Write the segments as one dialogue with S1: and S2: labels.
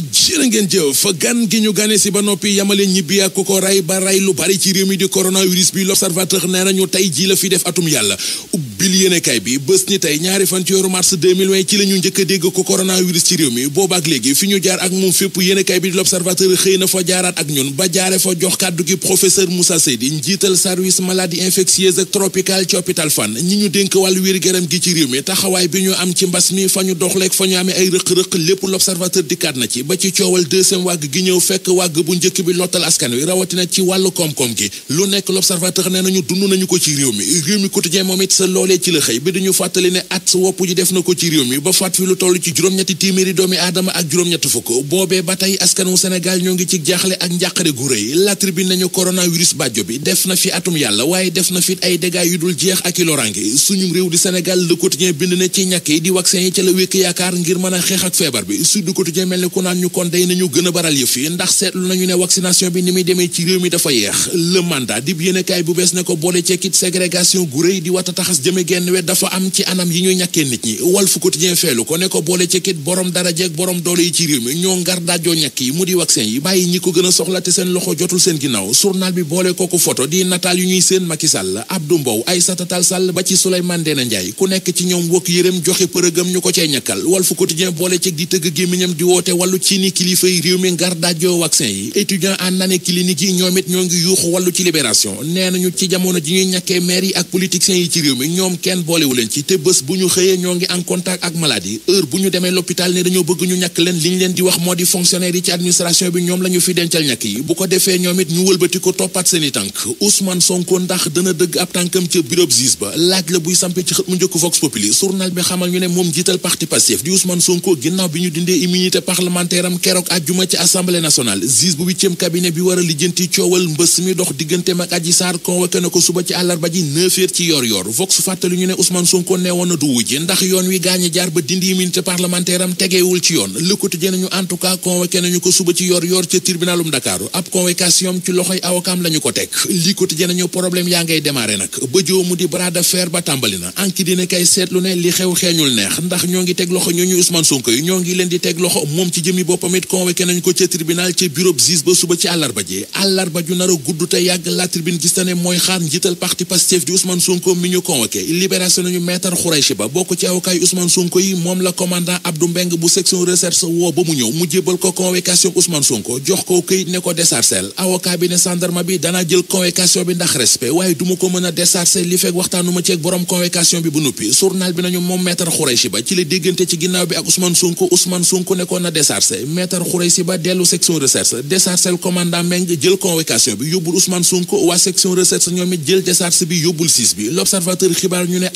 S1: jërë ngeen jëf gan gi ñu gane si ba noppi yamale ñibbi ak ko ray ba ray lu bari ci réew mi di coronavirus bi l'observateur nee nañu tey jii la fi def atum yàlla ubbil yéenekaay bi bés ni tey ñaari fan ci yoru mars 2020 ci la ñu njëkk a dégg ko coronavirus ci réew mi boobaak léegi fi ñu jaar ak moom fépp yéenekaay bi di l'observateur xëy na fa jaaraat ak ñun ba jaare fa jox kàddu gi professeur Moussa Seydi njiital service maladie infectieuse ak tropicale ci hôpital Fann ñi ñu dénk wàllu wér gu gi ci réew mi taxawaay bi ñu am ci mbas mi fa ñu doxleeg fa ñu amee ay rëq-rëq lépp l'observateur dikkaat na ci ba ci coowal deuxième wàgg gi ñëw fekk wàgg bu njëkk bi lottal askan wi rawatina ci wàllu koom-koom gi lu nekk l'observateur nee nañu dund nañu ko ci réew mi loolee ci la xëy bi dañu fàttali ne at wopp ji def na ko ci réew mi ba faat fi lu toll ci juróom-ñetti téeméeri doomi aadama ak juróom-ñetti fukk boobee ba tey askanu Sénégal ñoo ngi ci jaaxle ak njàqare gu rëy la tribune nañu coronavirus bàjjo bi def na fi atum yàlla waaye def na fit ay dégâts yu dul jeex ak i loraange suñu réew di Sénégal le bind na ci ñàkk yi di vaccin yi ca la wékk yaakaar ngir mën a xeex ak feebar bi Sud Quotidien mel ni ku naan bi ni muy demee mi genn wet dafa am ci anam yi ñuy ñàkkee nit ñi Walf Quotidien feelu ko ne ko boole ci kit borom darajeeg borom doole yi ci di a soxla te seen loxo jotul nataal yu ñuy seen Macky Sall Mbow Aïssata Tall Sall ba ci Souleymane Ndéné Ndiaye ku nekk ci ñoom wokk yërëm joxe përëgam ñu ko cee ñàkkal Walf Quotidien boole ci di tëgg gémmiñam di woote wàllu ci ni kilifa yi mi ngar daajoo vaccin yi étudiant en année clinique yi ñoom ñoo ngi yuuxu wàllu ci libération nee nañu ci jamono ji ñuy ñàkkee maire yi ak politiciens yi ci réew mi ñoom kenn boolewu leen ci te bés bu ñu xëyee ñoo ngi en contact ak malade yi heure bu ñu demee l'hôpital ne dañoo bëgg ñu ñàkk leen li ñu leen di wax moo di fonctionnaire yi ci administration bi ñoom la ñu fi dencal ñàkk yi bu ko defee ñoom it ñu wëlbati ko toppaat seen i tànk Ousmane Sonko ndax dana dëgg ab tànkam ca bureau gis ba laaj la buy sampe ci xët mu njëkk Vox Populi journal bi xamal ñu ne moom jiital parti Pastef di Ousmane Sonko ginnaaw bi ñu dindee immunité parlementaire am keroog àjjuma ci assemblée nationale gis bu huitième cabinet bi war a lijjanti coowal mbës mi dox digganteem ak Adji Sarr convoqué na ko suba ci àllarba ji ci yor yor fàttali ñu ne Ousmane Sonko neewoon na du wujji ndax yoon wi gaañi jaar ba dindi immunité parlementaire am tegeewul ci yoon Le Quotidien nañu en tout cas convoqué nañu ko suba ci yor yor ca um ñu ko teg Le Quotidien nañu yaa ngay démarré nag ba joo mu di bras de fer ba tàmbali na anki dina kay seetlu ne li xew xeeñul neex ndax ñoo ngi teg loxo ñooñu Ousmane Sonko yi ñoo ngi leen di teg loxo moom ci jëmi boppam it convoqué nañu ko ca tribunal ca bureau juge ba suba ci àllarba ji a gudd te libération nañu maître Khouraychi Ba bokk ci avocat yi Ousmane Sonko yi moom la commandant Abdou Mbeng bu section recherche woo ba mu ñëw mu jébbal ko convocation Ousmane Sonko jox ko këyit ne ko desarcel avocat bi ne gendarme bi danaa jël convocation bi ndax waaye duma ko mën a desarcel li fekk waxtaanu ma ceeg borom convocation bi bu nuppi journal bi nañu moom maître Khouraychi Ba ci la déggante ci ginnaaw bi ak Ousmane Sonko Ousmane Sonko ne ko na desarcel maître Khouraychi Ba dellu section recherche desarcel commandant Mbeng jël convocation bi yóbbul Ousmane Sonko waa section recherche ñoom it jël desarce bi yóbbul siis bi l'observateur xibaar xibaar ñu ne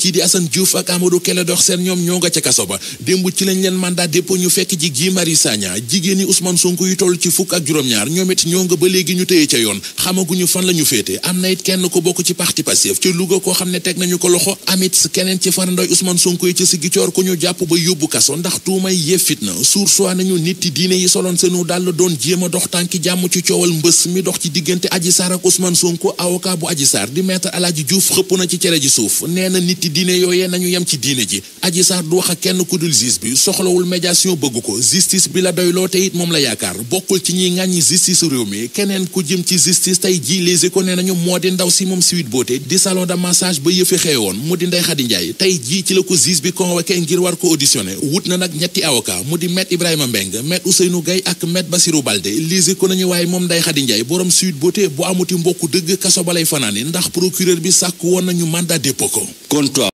S1: na it kenn ko bokk ci parti Pastef ci Louga koo xam ne teg nañu ko loxo amit keneen ci farandoy Ousmane Sonko yi ci Ziguinchor ku ñu jàpp ba yóbbu kaso ndax tuumay yëf fitna suur soi nañu nit diine yi soloon seenu dal doon jéem dox tànki jàmm ci coowal mbës mi dox ci diggante Adji Sarr ak Ousmane Sonko avocat bu Adji Sarr di maître Aladji Diouf xëpp na ci cere ji suuf na nit yi diine yooyee nañu yem ci diine ji aji saar du wax ak kenn ku dul justice bi soxlawul médiation bëgg ko justice bi la doyloo te it moom la yaakaar bokkul ci ñiy ŋàññi justice réew mi keneen ku jëm ci justice tey ji les ko ne nañu moo di ndaw si moom Sweet Beauté di salon de massage ba yëfi xewoon mu di Ndeye Khady Ndiaye tey jii ci la ko justice bi convoqué ngir war ko auditionné wut na nag ñetti avocat mu di maître Ibrahima Mbeng maître Ousseynou Gaye ak maître Bassirou Balde les ko nañu waaye moom Ndeye Khady Ndiaye borom Sweet Beauté bu amuti dëgg kaso ba lay ndax procureur bi sàkk woon nañu mandat dépôt ko contra